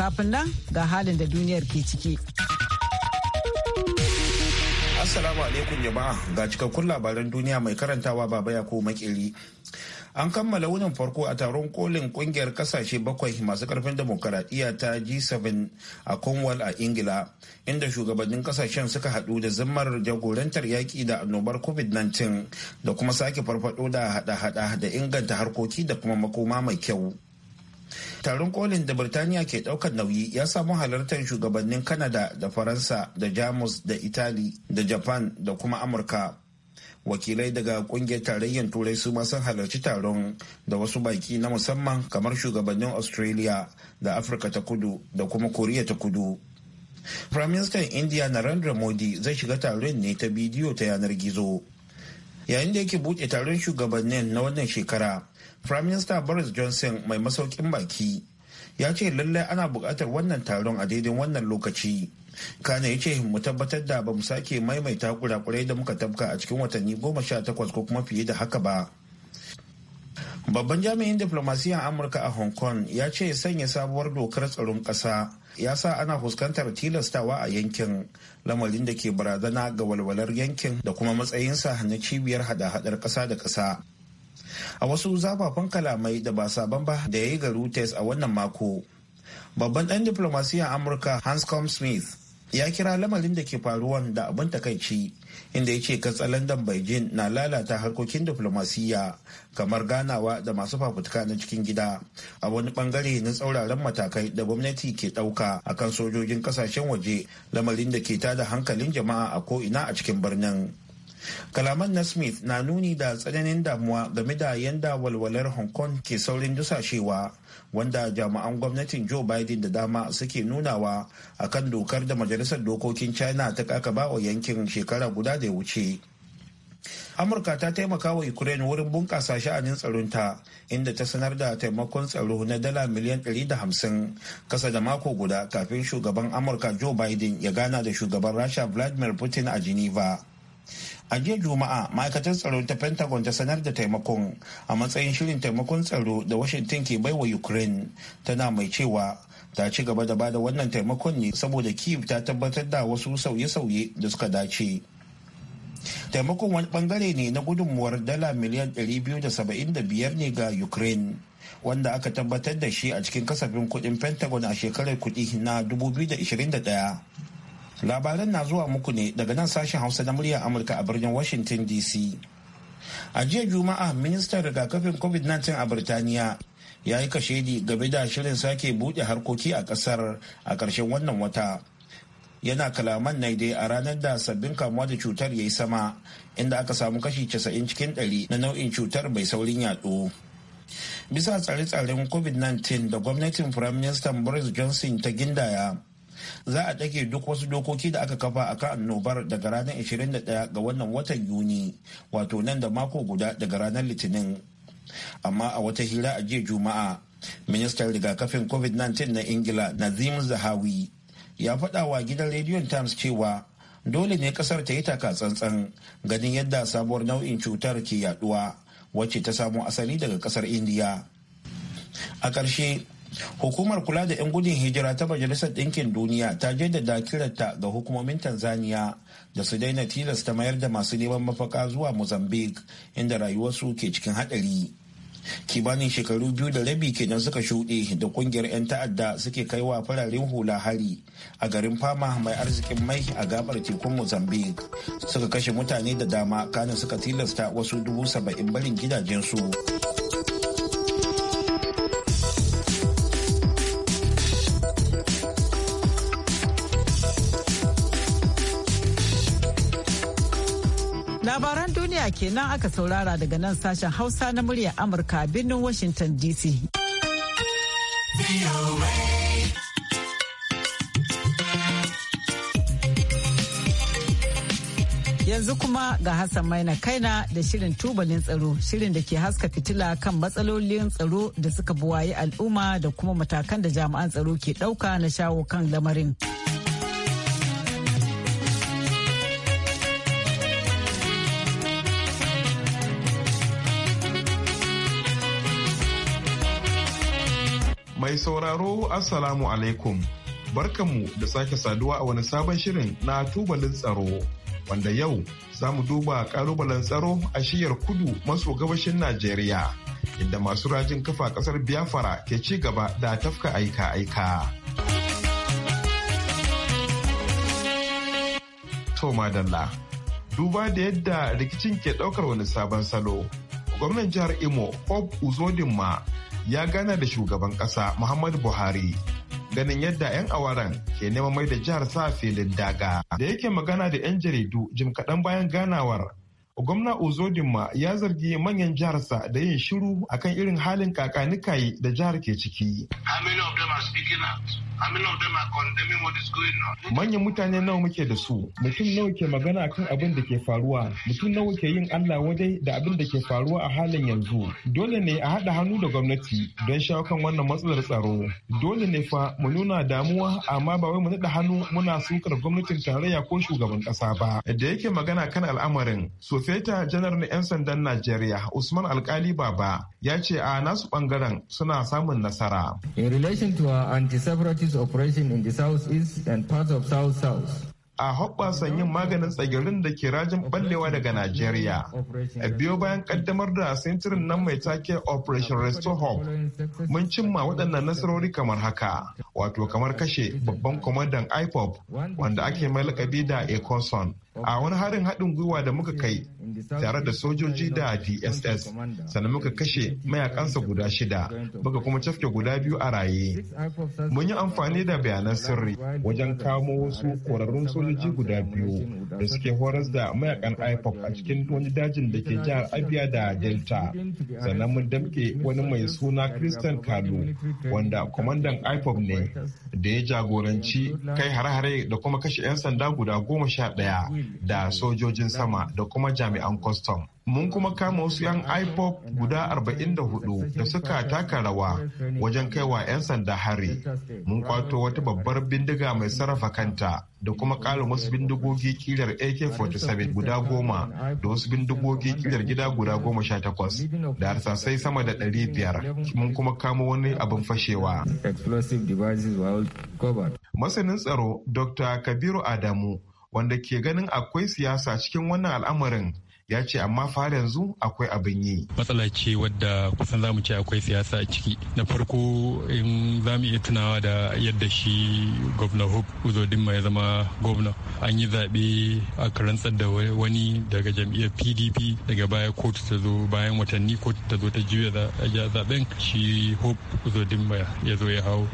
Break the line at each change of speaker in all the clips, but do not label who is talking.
Kafin nan ga halin da duniyar ke ciki.
Assalamu alaikum jama'a ga cikakkun labaran duniya mai karantawa baba ya ko makiri. An kammala wunin farko a taron kolin kungiyar kasashe bakwai masu karfin demokaradiyya ta G7 a Cornwall a Ingila, inda shugabannin kasashen suka hadu da zimmar jagorantar yaƙi da annobar COVID-19 da kuma sake farfado da hada-hada da inganta harkoki da kuma makoma mai kyau. taron kolin da birtaniya ke daukar nauyi ya samu halartar shugabannin kanada da faransa da jamus da itali da japan da kuma amurka wakilai daga kungiyar tarayyar turai su ma sun halarci taron da wasu baki na musamman kamar shugabannin australia da afirka ta kudu da kuma koriya ta kudu prime minister india narendra modi zai shiga taron ne ta bidiyo ta yanar gizo yayin da yake buɗe taron shugabannin na wannan shekara prime minister boris johnson mai masaukin baki ya ce lallai ana buƙatar wannan taron a daidai wannan lokaci kana ya ce mu tabbatar da ba mu sake maimaita kurakurai da muka tabka a cikin watanni goma sha takwas ko kuma fiye da haka ba babban jami'in a amurka a hong kong ya ce sanya sabuwar dokar tsaron ƙasa ya sa ana fuskantar tilastawa a yankin lamarin da ke barazana ga walwalar yankin da kuma matsayinsa na cibiyar hada-hadar ƙasa da ƙasa a wasu zafafan kalamai da ba sabon ba da ya yi ga Reuters a wannan mako. Babban ɗan diplomasiyyar Amurka Hanscom Smith ya kira lamarin da ke faruwan da abin takaici inda ya ce katsalandan Beijing na lalata harkokin diflomasiyya kamar ganawa da masu fafutuka na cikin gida a wani bangare na tsauraran matakai da gwamnati ke ɗauka kan sojojin kasashen waje lamarin da ke tada hankalin jama'a a ko'ina a cikin birnin. kalaman na smith na nuni da tsananin damuwa game da yadda walwalar hong kong ke saurin dusashewa wanda jami'an gwamnatin joe biden da dama suke nunawa a kan dokar da majalisar dokokin china ta kakaba wa yankin shekara guda da ya wuce amurka ta taimaka wa ukraine wurin bunƙasa sha'anin tsaronta inda ta sanar da taimakon tsaro na dala miliyan 150 kasa da mako guda kafin shugaban amurka joe biden ya gana da shugaban rasha vladimir putin a geneva a jiya juma'a ma'aikatar tsaro ta pentagon ta sanar da taimakon a matsayin shirin taimakon tsaro da washington ke baiwa ukraine tana mai cewa ta ci gaba da bada wannan taimakon ne saboda kiev ta tabbatar da wasu sauye-sauye da suka dace taimakon wani bangare ne na gudunmuwar dala miliyan 275 ne ga ukraine wanda aka tabbatar da shi a cikin kasafin kudin pentagon a shekarar kudi na 2021 labaran na zuwa muku ne daga nan sashen hausa na muryar amurka a birnin washington dc a jiya juma'a ministan rigakafin covid-19 a birtaniya ya yi kashedi game da shirin sake buɗe harkoki a ƙasar a ƙarshen wannan wata yana kalaman na dai a ranar da sabbin kamuwa da cutar ya yi sama inda aka samu kashi 90 cikin 100 na nau'in cutar mai saurin yaɗo. bisa tsare-tsaren covid-19 da gwamnatin firaministan boris johnson ta gindaya za a ɗage duk wasu dokoki da aka kafa a kan annobar daga ranar 21 ga wannan watan yuni wato nan da mako guda daga ranar litinin amma a wata hira a jiya juma'a ministan rigakafin covid-19 na ingila nazim zahawi ya faɗa wa gidan rediyon times cewa dole ne kasar ta yi taka tsantsan ganin yadda sabuwar nau'in cutar ke yaduwa wacce ta samo asali daga kasar indiya a ƙarshe hukumar kula da 'yan gudun hijira ta majalisar ɗinkin duniya ta jaddada kiranta ga hukumomin tanzania da su daina tilasta mayar da masu neman mafaka zuwa mozambique inda rayuwarsu ke cikin haɗari kimanin shekaru biyu da rabi kenan suka shuɗe da kungiyar 'yan ta'adda suke kai wa fararen hula hari a garin fama mai arzikin mai a gabar tekun mozambique suka kashe mutane da dama kana suka tilasta wasu dubu saba'in barin gidajensu.
Najeriya kenan aka saurara daga nan sashen Hausa na muryar Amurka birnin Washington DC. Yanzu kuma ga Hassan Maina Kaina da shirin tubalin tsaro, shirin da ke haska fitila kan matsalolin tsaro da suka buwayi al'umma da kuma matakan da jami'an tsaro ke ɗauka na shawo kan lamarin.
Mai sauraro Assalamu alaikum. Barkanmu da sake saduwa a wani sabon shirin na tubalin tsaro. Wanda yau za mu duba kalubalen tsaro a shiyar kudu maso gabashin Najeriya. Inda masu rajin kafa kasar Biafra ke ci gaba da tafka aika-aika. Toma Dalla. Duba da yadda rikicin ke ɗaukar wani sabon salo. Gwamnan jihar Imo, Hope Uzodinma ya gana da shugaban kasa Muhammadu Buhari ganin yadda 'yan awaran ke neman mai da jihar sa filin daga da yake magana da 'yan jaridu jim kaɗan bayan ganawar gwamna ozodinma ya zargi manyan jiharsa da yin shiru akan irin halin kakanikaye da jihar ke ciki manyan mutane nawa muke da su mutum nawa ke magana kan abin da ke faruwa mutum nawa ke yin allah wadai da abin da ke faruwa a halin yanzu dole ne a haɗa hannu da gwamnati don shawo kan wannan matsalar tsaro dole ne fa mu nuna damuwa amma ba wai mu naɗa hannu muna sukar gwamnatin tarayya ko shugaban ƙasa ba da yake magana kan al'amarin sosai Sufeta janar na 'yan sandan Najeriya Usman Alkali Baba ya ce a nasu bangaren suna samun nasara.
In relation to our anti-separatist operation in the South East and parts of south south,
a hoɓɓasan yin maganin tsagirin da ke rajin ballewa daga Najeriya. A biyo bayan kaddamar da sintirin nan mai take Operation Restore Hope, mun cimma waɗannan nasarori kamar haka, wato kamar kashe babban kwamandan IPOP wanda ake mai lakabi da Ecoson. a wani harin haɗin gwiwa da muka kai tare da sojoji da dss sannan muka kashe mayakansa guda shida muka kuma cafke guda biyu a raye
mun yi amfani da bayanan sirri wajen
kamo wasu ƙwararrun sojoji guda biyu da suke horas da mayakan ipop a cikin wani dajin da ke jihar abia da delta sannan mun damke wani mai suna christian kalu wanda kwamandan ipop ne da ya jagoranci kai hare-hare da kuma kashe 'yan sanda guda goma sha ɗaya da sojojin sama da kuma jami'an kwastam. mun kuma kama wasu 'yan ipop guda 44 da suka taka rawa wajen kaiwa 'yan sanda hari mun kwato wata babbar bindiga mai sarrafa kanta da kuma ƙarin wasu bindigogi kilar ak-47 guda goma da wasu bindigogi kilar gida guda goma sha takwas da harsasai sama da ɗari biyar mun kuma kamo wani abin fashewa masanin tsaro dr kabiru adamu wanda ke ganin akwai siyasa cikin wannan al'amarin ya ce amma fa yanzu akwai abin yi.
Matsala ce wadda kusan zamu ce akwai siyasa a ciki. Na farko in zamu iya tunawa da yadda shi gwamna Hope Uzodinma ya zama gwamna. An yi zaɓe a karantsar da wani daga jam'iyyar PDP daga baya kotu ta zo bayan watanni kotu ta zo ta juya zaɓen shi Hope Uzodinma ya zo ya hau.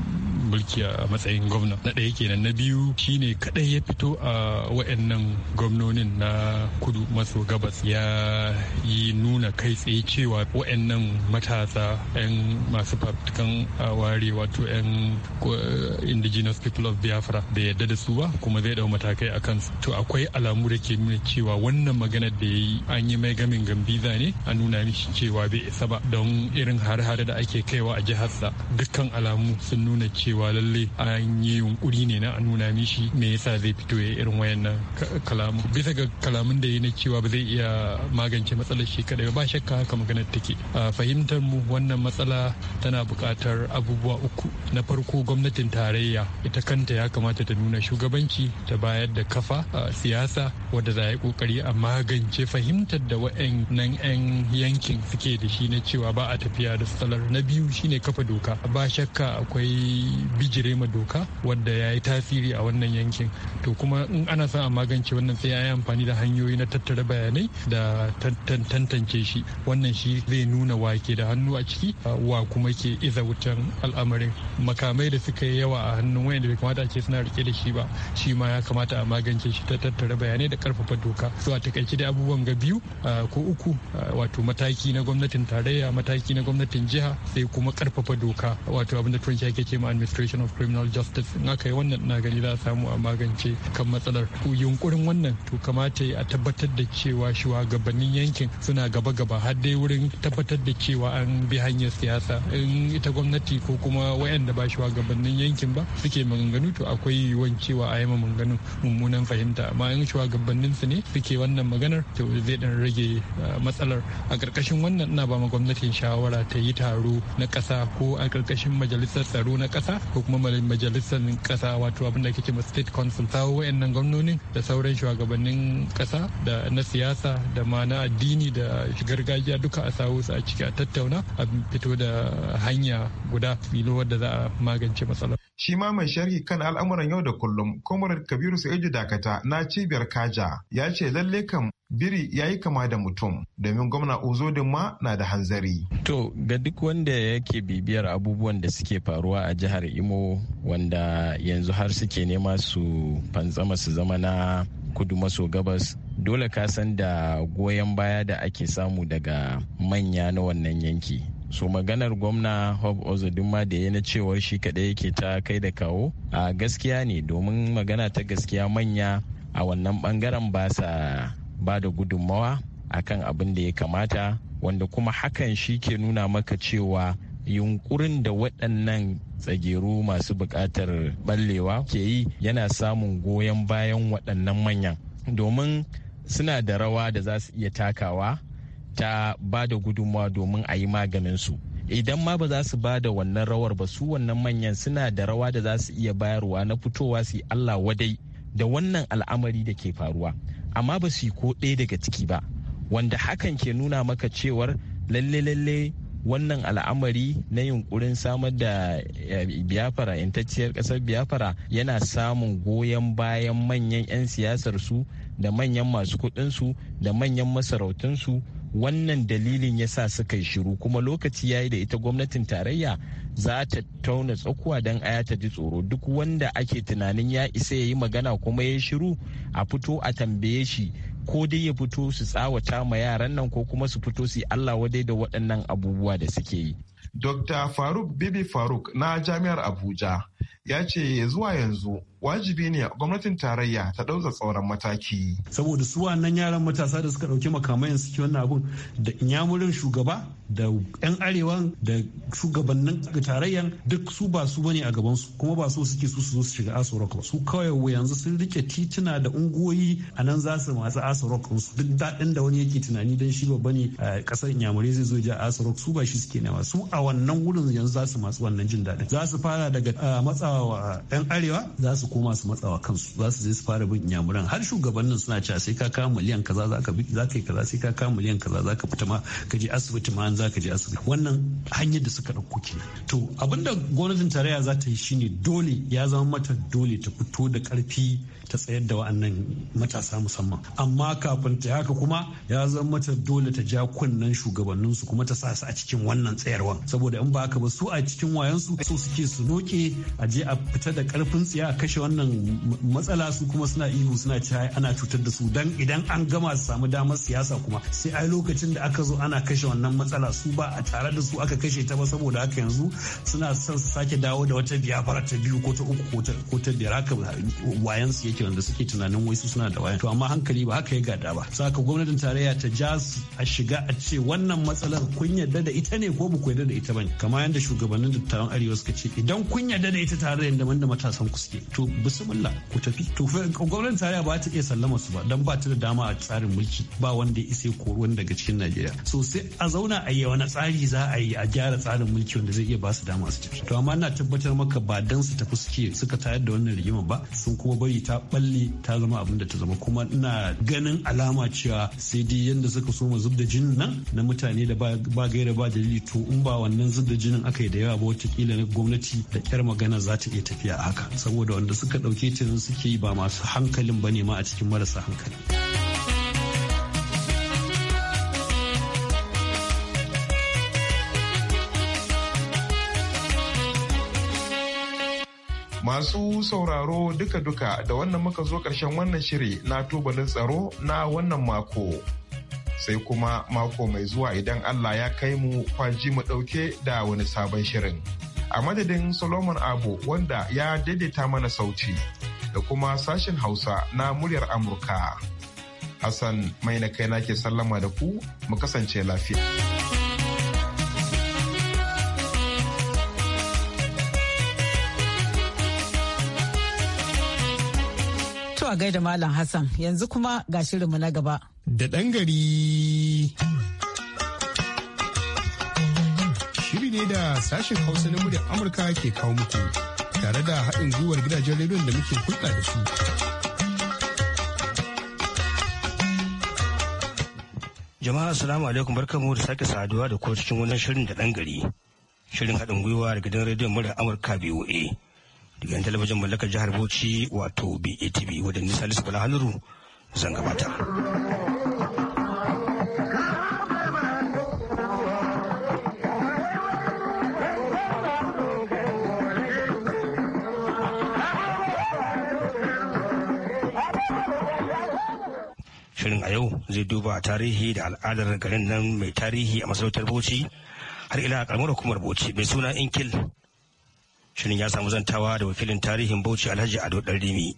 mulki a matsayin gwamna na ɗaya kenan na biyu shine kadai ya fito a wayannan gwamnonin na kudu maso gabas ya yi nuna kai tsaye cewa wayannan matasa 'yan masu fafutukan ware wato 'yan eh, indigenous people of biafra da yadda da su ba kuma zai dau matakai a kansu to akwai alamu da ke nuna cewa wannan maganar da ya yi an yi mai gamin gambiza ne a nuna mishi cewa bai isa ba don irin har hare da ake kaiwa a jihar sa dukkan alamu sun nuna cewa cewa lalle an yi yunkuri ne na a nuna mishi me yasa zai fito ya irin wayannan kalamu bisa ga kalamun da yi na cewa ba zai iya magance matsalar shi kadai ba shakka haka maganar take a fahimtar mu wannan matsala tana buƙatar abubuwa uku na farko gwamnatin tarayya ita kanta ya kamata ta nuna shugabanci ta bayar da kafa a siyasa wadda za a yi kokari a magance fahimtar da wa'annan 'yan yankin suke da shi na cewa ba a tafiya da salar na biyu shine kafa doka ba shakka akwai bijire ma doka wadda ya yi tasiri a wannan yankin to kuma in ana son a magance wannan sai ya yi amfani da hanyoyi na tattara bayanai da tantance shi wannan shi zai nuna wake da hannu a ciki wa kuma suke iza wutan al'amarin makamai da suka yi yawa a hannun da bai kamata ce suna rike da shi ba shi ma ya kamata a magance shi ta tattara bayanai da karfafa doka so a takaice da abubuwan ga biyu ko uku wato mataki na gwamnatin tarayya mataki na gwamnatin jiha sai kuma karfafa doka wato abin da turanci ake ce ma administration of criminal justice in aka yi wannan na gani za a samu a magance kan matsalar yunkurin wannan to kamata a tabbatar da cewa shuwagabannin yankin suna gaba-gaba har dai wurin tabbatar da cewa an bi hanyar siyasa eh, shugabannin ita gwamnati ko kuma wayanda ba shugabannin yankin ba suke maganganu to akwai yiwuwan cewa a yi maganganun mummunan fahimta amma in shugabannin su ne suke wannan maganar to zai dan rage uh, matsalar a ƙarƙashin wannan ina ba gwamnatin shawara ta yi taro na kasa ko a ƙarƙashin majalisar tsaro na kasa ko kuma majalisar ƙasa wato abin da kake ma state council kawo wayannan gwamnonin da sauran shugabannin kasa da na siyasa da ma na addini da gargajiya duka a sawo su a ciki a tattauna a fito da hanya guda filo wadda za a magance matsalar.
Shi ma mai sharhi kan al'amuran yau da kullum, Comrade Kabiru Sa'idu Dakata na cibiyar Kaja ya ce lalle kam biri ya yi kama da mutum domin gwamna ozodin ma na da hanzari.
To ga duk wanda yake bibiyar abubuwan da suke faruwa a jihar Imo wanda yanzu har suke nema su fantsama su zama na kudu maso gabas dole ka san da goyon baya da ake samu daga manya na wannan yanki. su maganar gwamna hob ozodinma da ya na cewar shi kaɗai yake ta kai da kawo a gaskiya ne domin magana ta gaskiya manya a wannan ɓangaren ba sa ba da gudunmawa kan abin da ya kamata wanda kuma hakan shi ke nuna maka cewa yunkurin da waɗannan tsageru masu buƙatar ɓallewa ke yi yana samun goyon bayan waɗannan manyan domin suna da rawa da za su iya takawa ta ba da gudunmawa domin a yi maganin su idan ma ba za su ba da wannan rawar ba su wannan manyan suna da rawa da za su iya bayarwa na fitowa su yi allah wadai da wannan al'amari da ke faruwa amma ba su yi ko ɗaya daga ciki ba wanda hakan ke nuna maka cewar lalle-lalle wannan al'amari na yunkurin samar da eh, biyafara intacciyar kasar biyafara yana samun goyon bayan manyan 'yan siyasar su da manyan masu su da manyan masarautunsu wannan dalilin ya sa suka yi shiru kuma lokaci ya yi da ita gwamnatin tarayya za ta tauna tsakuwa don aya ta ji tsoro duk wanda ake tunanin ya isa ya yi magana kuma ya shiru a fito a tambaye shi ko dai ya fito su tsawata ma yaran nan ko kuma su fito su yi allah wadai da waɗannan abubuwa da suke yi.
Dr. Faruk Bibi Faruk na Jami'ar Abuja ya ce zuwa yanzu wajibi ne a gwamnatin tarayya ta ɗauka tsauran
mataki. Saboda su wannan yaran matasa da suka ɗauki makamai suke wannan abun da inyamurin shugaba da 'yan arewa da shugabannin tarayyan duk su ba su bane a gabansu kuma ba su suke su su shiga asorok ba su kawai yanzu sun rike tituna da ungoyi a nan za su masu asorok su duk daɗin da wani yake tunani dan shi babba ne a ƙasar inyamurai zai zo ja asorok su ba shi suke nema su a wannan wurin yanzu za su masu wannan jin daɗin za su fara daga matsawa wa 'yan arewa za su koma su matsawa kansu za su je su fara bin inyamuran har shugabannin suna cewa sai ka kama miliyan kaza za ka za ka kaza sai ka kama miliyan kaza za ka fita ma ka je asibiti ma an za ka je asibiti wannan hanyar da suka ɗauko kenan to abinda gwamnatin tarayya za ta yi shine dole ya zama mata dole ta fito da karfi. ta tsayar da wa'annan matasa musamman amma kafin ta haka kuma ya zama mata dole ta ja kunnen su kuma ta sa su a cikin wannan tsayarwan saboda in ba haka ba su a cikin wayansu su suke su noke a je a fita da karfin tsiya a kashe wannan matsala su kuma suna ihu suna ci ana cutar da su dan idan an gama su samu damar siyasa kuma sai ai lokacin da aka zo ana kashe wannan matsala su ba a tare da su aka kashe ta ba saboda haka yanzu suna son su sake dawo da wata biyafara ta biyu ko ta uku ko ta biyar haka wayansu mulki da suke tunanin wai su suna da waya to amma hankali ba haka ya gada ba saka gwamnatin tarayya ta ja a shiga a ce wannan matsalar kun yarda da ita ne ko ku da ita bane kamar yadda shugabannin dattawan arewa suka ce idan kun yarda da ita tare da da matasan ku suke to bismillah ku tafi to gwamnatin tarayya ba ta iya sallama su ba dan ba ta da dama a tsarin mulki ba wanda ya isa ko wanda daga cikin Najeriya so sai a zauna a yi wani tsari za a yi a gyara tsarin mulki wanda zai iya ba su dama su tafi to amma ina tabbatar maka ba dan su tafi suke suka tayar da wannan rigima ba sun kuma bari ta balle ta zama abin da ta zama kuma ina ganin alama cewa sai dai yadda suka so mu zubda jinin nan na mutane da ba gaira ba dalili to in ba wannan zubda jinin aka yi da yawa ba watakila na gwamnati da kyar magana za ta iya tafiya haka saboda wanda suka ɗauke ta suke yi ba masu hankalin ba ne ma a cikin marasa hankali.
Masu sauraro duka-duka da wannan muka zo ƙarshen wannan shiri na tubalin tsaro na wannan mako. Sai kuma mako mai zuwa idan Allah ya kai mu kwaji mu ɗauke da wani sabon shirin. A madadin Solomon Abu wanda ya daidaita mana sauti da kuma sashen Hausa na muryar Amurka. Hassan mai na kai na sallama da ku mu kasance lafiya.
To a gaida Malam Hassan yanzu kuma ga shirinmu na gaba. Da ɗan gari.
Shiri ne da sashen Hausa na muryar Amurka ke kawo muku
tare da haɗin gwiwar gidajen rediyon da muke hulɗa da su. Jama'a Assalamu alaikum barkamu da sake saduwa da ko cikin wannan shirin da ɗan gari. Shirin haɗin gwiwa da gidan rediyon muryar Amurka BOA. daga talabijin mallakar jihar bauchi wato batv wadda ni salisu bala haluru zan gabata shirin a yau zai duba tarihi da al'adar garin nan mai tarihi a masarautar bauchi har ila kalmar hukumar bauchi mai suna inkil shirin ya samu zantawa da wakilin tarihin bauchi alhaji ado ɗanrimi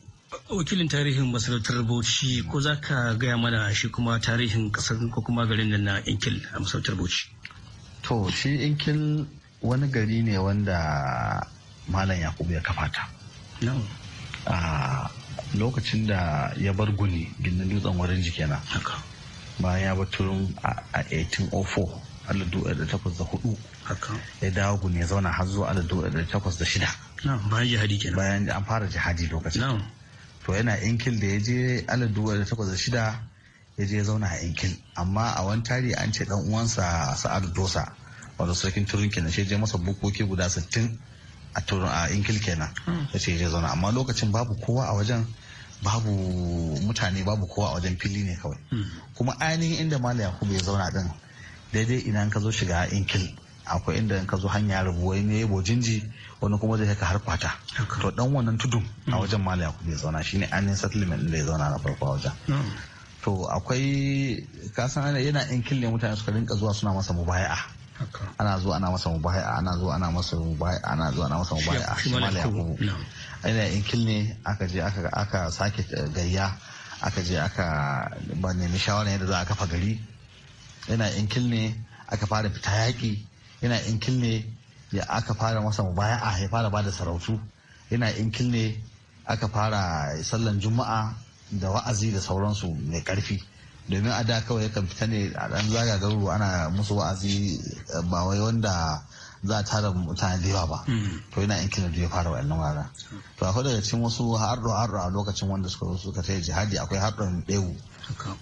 wakilin tarihin masarautar bauchi ko za ka gaya mana shi kuma tarihin kasar ko kuma garin nan na inkil a masarautar bauchi
to shi inkil wani gari ne wanda malam yakubu ya kafa ta lokacin da ya bar guni ginin dutsen wurin jiki na bayan ya bar turun a 1804 1804 ya dawo gune zauna har zuwa alif dubu da takwas da shida bayan jihadi kenan bayan an fara jihadi lokacin to yana inkil da ya je alif dubu da takwas da shida ya je zauna a inkil amma a wani tari an ce dan uwansa Sa'ad dosa wanda sarkin turin kenan shi je masa bukoki guda sittin a turin a inkil kenan ah. ya ce ya je zauna amma lokacin babu kowa a wajen babu mutane babu kowa a wajen fili ne kawai hmm. kuma ainihin inda malaya yakubu ya zauna din daidai idan ka zo shiga inkil akwai inda in ka zo hanya rabu wai ne jinji wani kuma zai ka har kwata to dan wannan tudun a mm. wajen mali ya kuma zauna shine ainihin settlement din da ya zauna na farko a wajen mm. to akwai kasan yana in kille mutane suka rinka zuwa suna masa mubaya'a ana zuwa ana masa mubaya'a ana zuwa ana masa mubaya ana zuwa ana masa mubaya shi ya yakubu ainihin in kilne aka je aka aka sake eh, gayya aka je aka ba nemi shawara yadda za a kafa gari yana in kilne aka fara fita yaki yana inkil ne ya aka fara masa a ya fara bada sarautu yana inkil ne aka fara sallan juma'a da wa'azi da sauransu mai karfi domin a da kawai yakan fita ne a dan zaga garuru ana musu wa'azi eh, ba wai wanda za a tara mutane da yawa ba hmm. to yana kilne da ya fara wa'annan wara to akwai daga cikin wasu harɗo harɗo a lokacin wanda suka suka ta jihadi akwai harɗon ɗewu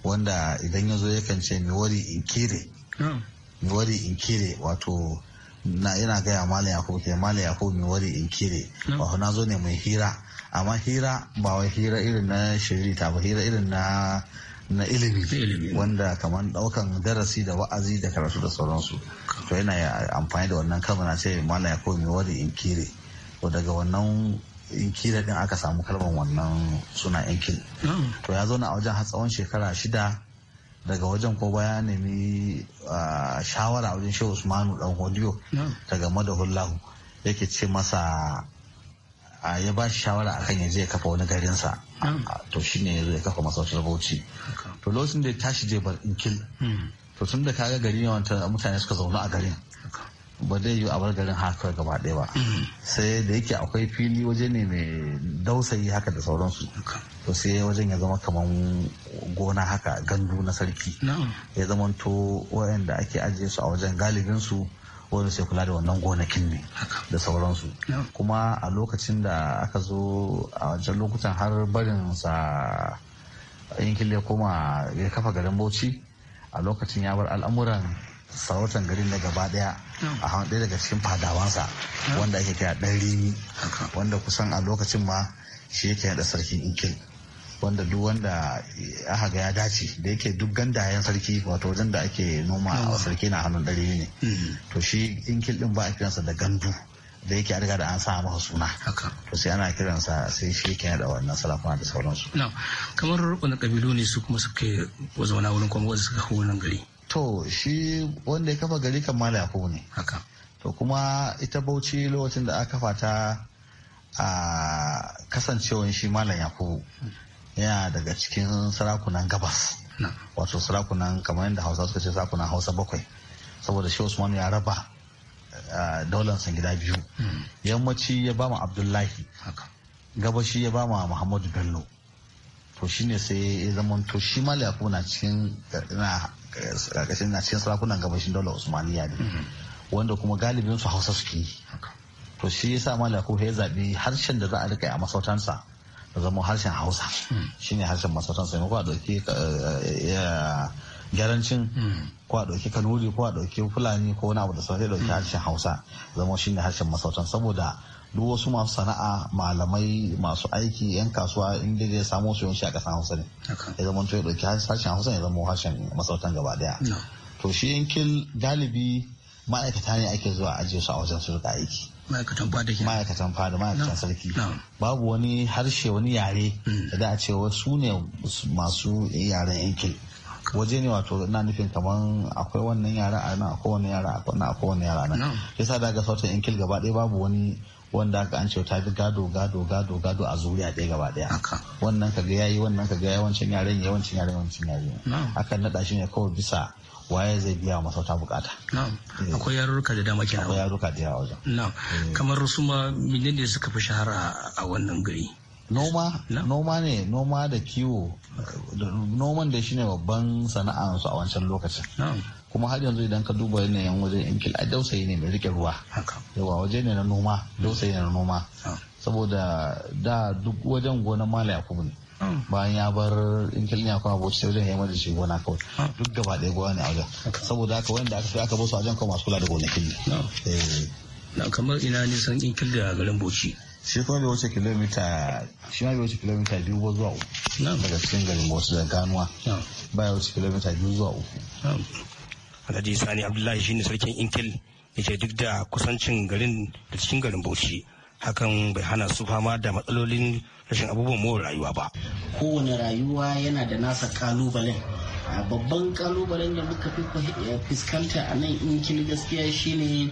wanda idan ya zo yakan ce mai wari in kere hmm. wari in kere wato na yana gaya malam ya ke malam yakubu mai wari in kere hmm. wato na zo ne mai hira amma hira ba wai hira irin na shirita ba hira irin na na ilimi wanda kamar daukan darasi da wa'azi da karatu da sauransu to yana amfani da wannan kamar ce malam yakubu mai wari in kere to daga wannan in kira din aka samu kalmar wannan suna yankin hmm. to ya zauna a wajen har tsawon shekara shida daga wajen ko baya nemi shawara wajen shehu usmanu dan holiyo daga madahullahu yake ce masa ya ba shi shawara akan ya je ya kafa wani garinsa to shi ne ya kafa masautar bauchi to lokacin da ya tashi je bar inkil hmm. to tun da kaga gari ne mutane suka zauna a garin ba zai yi a bar garin haka gaba ɗaya ba sai da yake akwai fili waje ne mai dausayi haka da sauransu to sai wajen ya zama kamar gona haka gandu na sarki ya zama to wayanda ake ajiye su a wajen galibin su wanda sai kula da wannan gonakin ne da sauransu kuma a lokacin da aka zo a wajen lokutan har barin sa yankin ya koma ya kafa garin bauchi a lokacin ya bar al'amuran sarautan garin na gaba daya a hawan ɗaya daga cikin fadawansa wanda ake kira ɗan rimi wanda kusan a lokacin ma shi yake da sarkin inkil wanda duk wanda aka ga ya dace da yake duk gandayen sarki wato wajen da ake noma a sarki na hannun ɗari ne mm-hmm. to shi inkil din ba a kiransa da gandu da yake arga riga da an sa masa suna to sai ana kiransa sai shi yake da wannan salafuna da sauransu
kamar na kabilu ne su kuma suke zauna wurin kuma wasu suka hau gari to shi wanda ya
kafa gari kan mala yakubu ne to kuma ita bauchi lokacin da aka kafa ta a kasancewan shi malam yakubu yana daga cikin sarakunan gabas wato sarakunan kamar yadda hausa suka ce sarakunan hausa bakwai saboda shi usman ya raba daular gida biyu hmm. yammaci ya ba ma abdullahi gabashi ya ba ma muhammadu bello to shine sai ya zama to shi malam yakubu na cikin karkashin na cikin sarakunan gabashin daular usmaniya ne mhm. wanda kuma galibin su hausa suke yi. to shi yasa mala ko ya zabi harshen da za a rika a masautansa da zama harshen hausa mhm. shine harshen masautansa ne eh, mhm. ko a dauki gyarancin ko a dauki kanuri ko a dauki fulani ko wani abu da sauran dauki harshen hausa zama shine harshen masautan saboda duk wasu masu sana'a malamai masu aiki yan kasuwa inda zai samu su yawanci a ƙasar hausa ne ya zama to ya ɗauki harshen hausa ya zama harshen masautan gaba daya to shi yankin galibi ma'aikata ne ake zuwa ajiye su a wajen su rika aiki ma'aikatan fada ke ma'aikatan fada ma'aikatan sarki babu wani harshe wani yare mm. da a ce su ne masu yaren yankin waje ne wato na nufin kamar akwai wannan yara a nan akwai wannan yara a nan akwai wannan yara a nan yasa daga sautin inkil gaba ɗaya babu wani wanda aka an ta fi gado gado gado gado a zuriya ɗaya gaba ɗaya wannan kaga yayi wannan kaga yawancin yaren yawancin yaren yawancin yaren akan naɗa shi ne kawai bisa waye zai biya wa masauta bukata. Eh.
Akwai yarurruka da dama kenan. Akwai yarurruka da yawa wajen. Eh. Kamar su ma menene suka fi shahara a wannan gari?
Noma, noma ne, noma da kiwo, eh, noman da shine babban su a wancan lokacin. kuma har yanzu idan ka duba yanayin wajen in kila dausayi ne mai rike ruwa yawa waje ne na noma dausayi ne na noma ah. saboda da duk wajen gonan mala yakubu ne hmm. bayan ya bar ya ne bauchi sai wajen ya mada shi gona kawai ah. duk gaba ɗaya gona ne a wajen saboda haka wanda aka fi aka su wajen kawai masu kula da gonakin ne ah.
eh. kamar ina nisan kila da garin bauchi
shi kuma bai wuce kilomita shi ma bai wuce kilomita biyu ba zuwa uku daga cikin garin bauchi da ganuwa ba ya wuce kilomita biyu zuwa uku
alhaji sani abdullahi shine sarkin inkil ya ce duk da kusancin garin da cikin garin bauchi hakan bai hana su fama da matsalolin rashin abubuwan more rayuwa ba kowane rayuwa yana
da nasa kalubalen babban kalubalen da muka fi eh, fuskanta a nan inkil gaskiya shine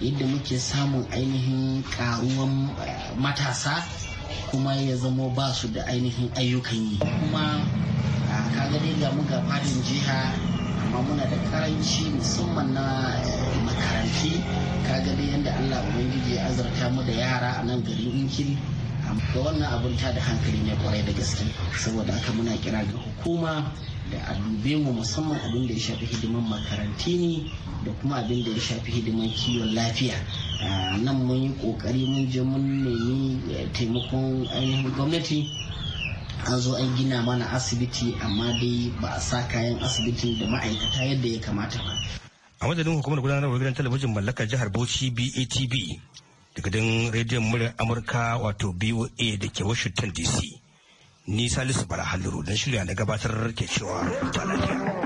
yadda muke samun ainihin karuwan eh, matasa kuma ya zamo ba su da ainihin ayyukan yi kuma ah, ka ga mu ga fadin jiha amma muna da karanci musamman na eh, makaranti kaga dai yadda allah ubangiji ya azarta mu da yara a nan gari inkiri da wannan abin ta da hankali ne kwarai da gaske saboda aka muna kira ga hukuma da a dube mu musamman abin da ya shafi hidiman makaranti ne da kuma abin da ya shafi hidiman kiwon lafiya nan mun yi kokari mun je mun nemi eh, taimakon ainihin gwamnati an zo an gina mana asibiti
amma dai ba a sa kayan asibitin da ma'aikata yadda ya kamata ba. a madadin hukumar gudanarwar gidan talabijin mallakar jihar bauchi daga dagadin rediyon muryar amurka wato boa da ke washington dc ni salisu bara halliru don shirya na gabatar ke cewa lafiya.